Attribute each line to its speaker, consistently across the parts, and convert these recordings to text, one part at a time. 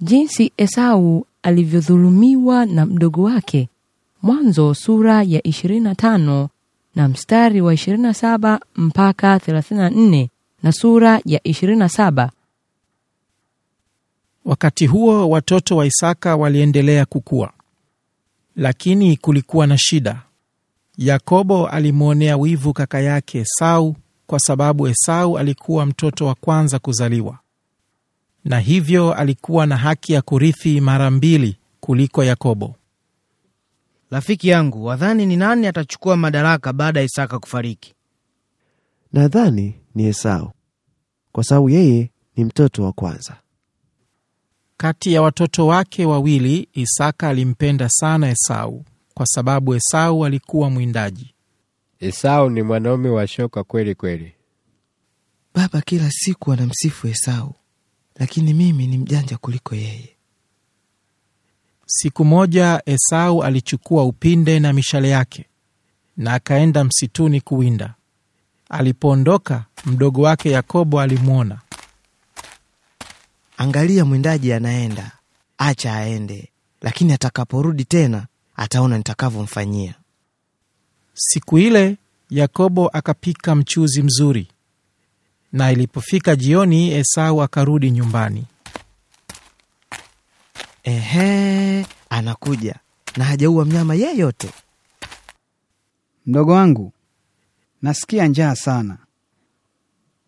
Speaker 1: jinsi Esau alivyodhulumiwa na mdogo wake. Mwanzo sura ya 25 na mstari wa 27 mpaka 34 na sura ya 27.
Speaker 2: Wakati huo watoto wa Isaka waliendelea kukua, lakini kulikuwa na shida. Yakobo alimwonea wivu kaka yake Esau kwa sababu Esau alikuwa mtoto wa kwanza kuzaliwa na hivyo alikuwa na haki ya kurithi mara mbili kuliko Yakobo. Rafiki yangu, wadhani ni nani atachukua madaraka baada ya Isaka kufariki?
Speaker 3: Nadhani ni Esau, kwa sababu yeye ni mtoto wa kwanza.
Speaker 2: Kati ya watoto wake wawili, Isaka alimpenda sana Esau kwa sababu Esau alikuwa mwindaji.
Speaker 4: Esau ni mwanaume wa shoka kweli kweli.
Speaker 2: Baba kila siku anamsifu Esau lakini mimi ni mjanja kuliko yeye. Siku moja Esau alichukua upinde na mishale yake na akaenda msituni kuwinda. Alipoondoka, mdogo wake Yakobo alimwona. Angalia, mwindaji
Speaker 3: anaenda, acha aende, lakini atakaporudi tena ataona nitakavyomfanyia.
Speaker 2: Siku ile Yakobo akapika mchuzi mzuri na ilipofika jioni Esau akarudi nyumbani. Ehe, anakuja na hajaua mnyama yeyote.
Speaker 3: Mdogo wangu, nasikia njaa sana.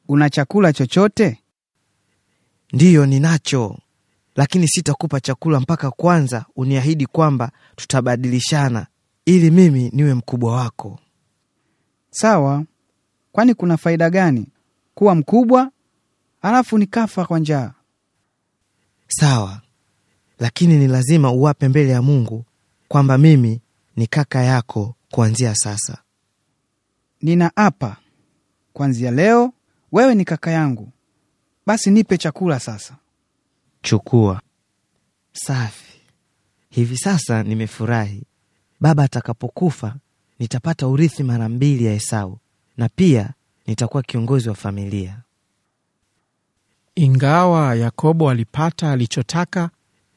Speaker 3: Una chakula chochote? Ndiyo, ninacho, lakini sitakupa chakula mpaka kwanza uniahidi kwamba tutabadilishana ili mimi niwe mkubwa wako. Sawa, kwani kuna faida gani? kuwa mkubwa, halafu nikafa kwa njaa. Sawa, lakini ni lazima uwape mbele ya Mungu kwamba mimi ni kaka yako kuanzia sasa. Ninaapa, kuanzia leo wewe ni kaka yangu. Basi nipe chakula sasa. Chukua. Safi. Hivi sasa nimefurahi. Baba atakapokufa nitapata urithi mara mbili ya Esau, na pia nitakuwa
Speaker 2: kiongozi wa familia. Ingawa Yakobo alipata alichotaka,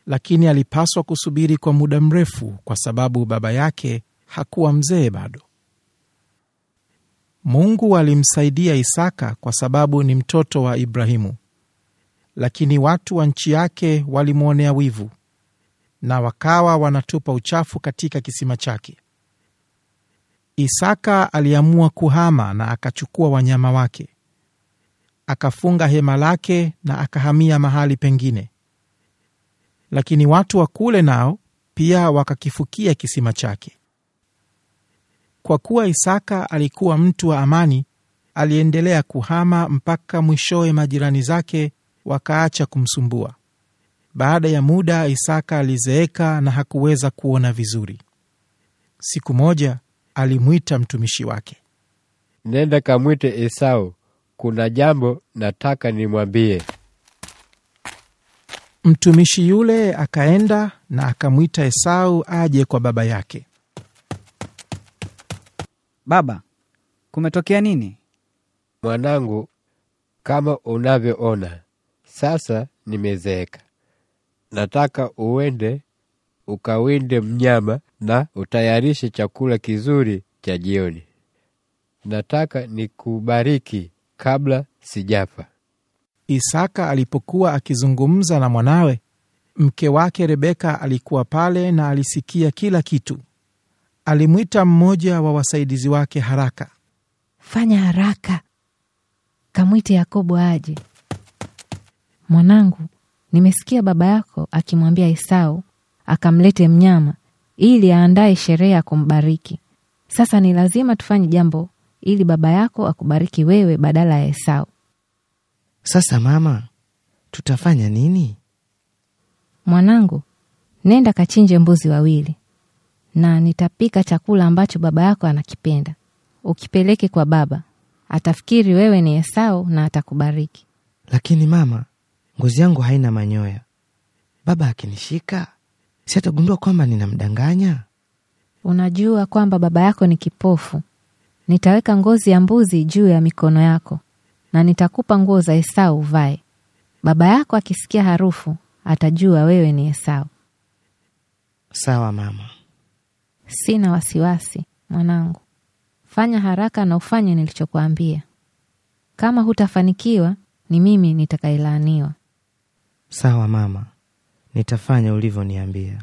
Speaker 2: lakini alipaswa kusubiri kwa muda mrefu, kwa sababu baba yake hakuwa mzee bado. Mungu alimsaidia Isaka kwa sababu ni mtoto wa Ibrahimu, lakini watu wa nchi yake walimwonea wivu na wakawa wanatupa uchafu katika kisima chake. Isaka aliamua kuhama na akachukua wanyama wake, akafunga hema lake na akahamia mahali pengine. Lakini watu wa kule nao pia wakakifukia kisima chake. Kwa kuwa Isaka alikuwa mtu wa amani, aliendelea kuhama mpaka mwishowe majirani zake wakaacha kumsumbua. Baada ya muda, Isaka alizeeka na hakuweza kuona vizuri. Siku moja alimwita mtumishi wake,
Speaker 4: nenda kamwite Esau, kuna jambo nataka nimwambie.
Speaker 2: Mtumishi yule akaenda na akamwita Esau aje kwa baba yake.
Speaker 4: Baba, kumetokea nini? Mwanangu, kama unavyoona sasa nimezeeka, nataka uende ukawinde mnyama na utayarishe chakula kizuri cha jioni. Nataka nikubariki kabla sijafa. Isaka alipokuwa akizungumza na mwanawe,
Speaker 2: mke wake Rebeka alikuwa pale na alisikia kila kitu. Alimwita mmoja wa wasaidizi wake haraka,
Speaker 1: fanya haraka, kamwite Yakobo aje. Mwanangu, nimesikia baba yako akimwambia Esau akamlete mnyama ili aandae sherehe ya kumbariki. Sasa ni lazima tufanye jambo ili baba yako akubariki wewe badala ya Esau. Sasa mama, tutafanya nini? Mwanangu, nenda kachinje mbuzi wawili na nitapika chakula ambacho baba yako anakipenda. Ukipeleke kwa baba, atafikiri wewe ni Esau na atakubariki.
Speaker 3: Lakini mama, ngozi yangu haina manyoya, baba akinishika si atagundua kwamba ninamdanganya?
Speaker 1: Unajua kwamba baba yako ni kipofu. Nitaweka ngozi ya mbuzi juu ya mikono yako na nitakupa nguo za Esau uvae. Baba yako akisikia harufu atajua wewe ni Esau.
Speaker 3: Sawa mama,
Speaker 1: sina wasiwasi mwanangu. Fanya haraka na ufanye nilichokuambia. Kama hutafanikiwa, ni mimi nitakayelaaniwa.
Speaker 3: Sawa mama
Speaker 2: nitafanya ulivyoniambia.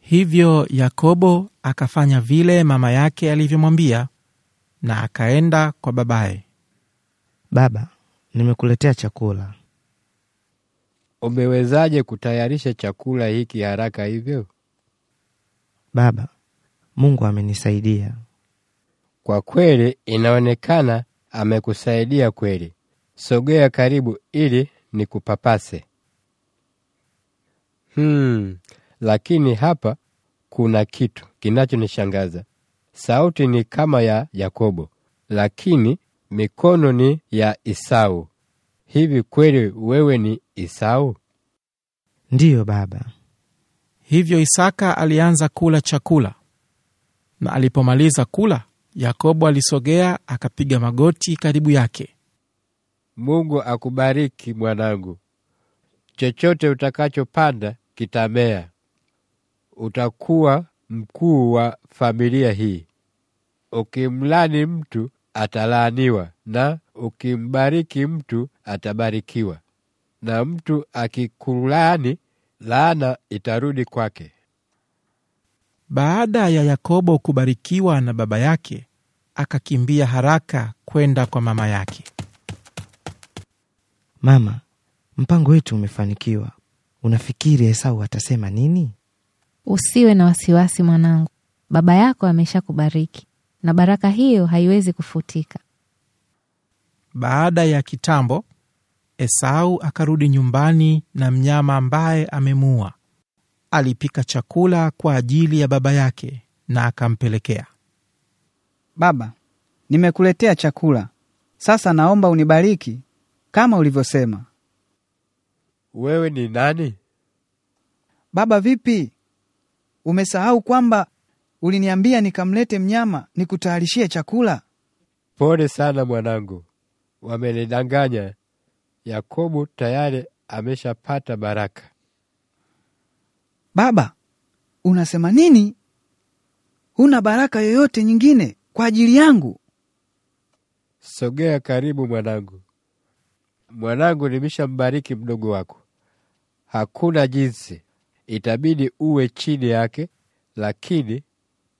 Speaker 2: Hivyo Yakobo akafanya vile mama yake alivyomwambia, na akaenda kwa babaye. Baba, nimekuletea
Speaker 3: chakula.
Speaker 4: Umewezaje kutayarisha chakula hiki haraka hivyo?
Speaker 3: Baba, Mungu amenisaidia.
Speaker 4: Kwa kweli, inaonekana amekusaidia kweli. Sogea karibu ili nikupapase. Hmm, lakini hapa kuna kitu kinachonishangaza. Sauti ni kama ya Yakobo, lakini mikono ni ya Isau. Hivi kweli wewe ni Isau?
Speaker 2: Ndiyo baba.
Speaker 4: Hivyo Isaka alianza kula
Speaker 2: chakula, na alipomaliza kula, Yakobo alisogea akapiga magoti karibu yake.
Speaker 4: Mungu akubariki mwanangu, chochote utakachopanda kitabea. Utakuwa mkuu wa familia hii. Ukimlani mtu atalaaniwa, na ukimbariki mtu atabarikiwa. Na mtu akikulaani, laana itarudi kwake.
Speaker 2: Baada ya Yakobo kubarikiwa na baba yake, akakimbia haraka kwenda kwa mama yake.
Speaker 3: Mama, mpango wetu umefanikiwa. Unafikiri Esau atasema nini?
Speaker 1: Usiwe na wasiwasi mwanangu, baba yako ameshakubariki na baraka hiyo haiwezi kufutika.
Speaker 2: Baada ya kitambo, Esau akarudi nyumbani na mnyama ambaye amemuua. Alipika chakula kwa ajili ya baba yake na akampelekea. Baba, nimekuletea chakula,
Speaker 3: sasa naomba unibariki kama ulivyosema
Speaker 4: wewe ni nani?
Speaker 3: Baba, vipi? Umesahau kwamba uliniambia nikamlete mnyama nikutayarishie chakula?
Speaker 4: Pole sana mwanangu, wamenidanganya. Yakobo tayari ameshapata baraka.
Speaker 3: Baba, unasema nini? Huna baraka yoyote nyingine kwa ajili
Speaker 4: yangu? Sogea karibu mwanangu. Mwanangu, nimeshambariki mdogo wako hakuna jinsi, itabidi uwe chini yake, lakini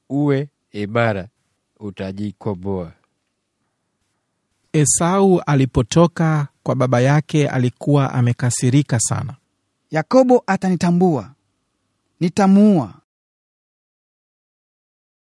Speaker 4: uwe imara, utajikomboa.
Speaker 2: Esau alipotoka kwa baba yake alikuwa amekasirika sana. Yakobo atanitambua, nitamuua.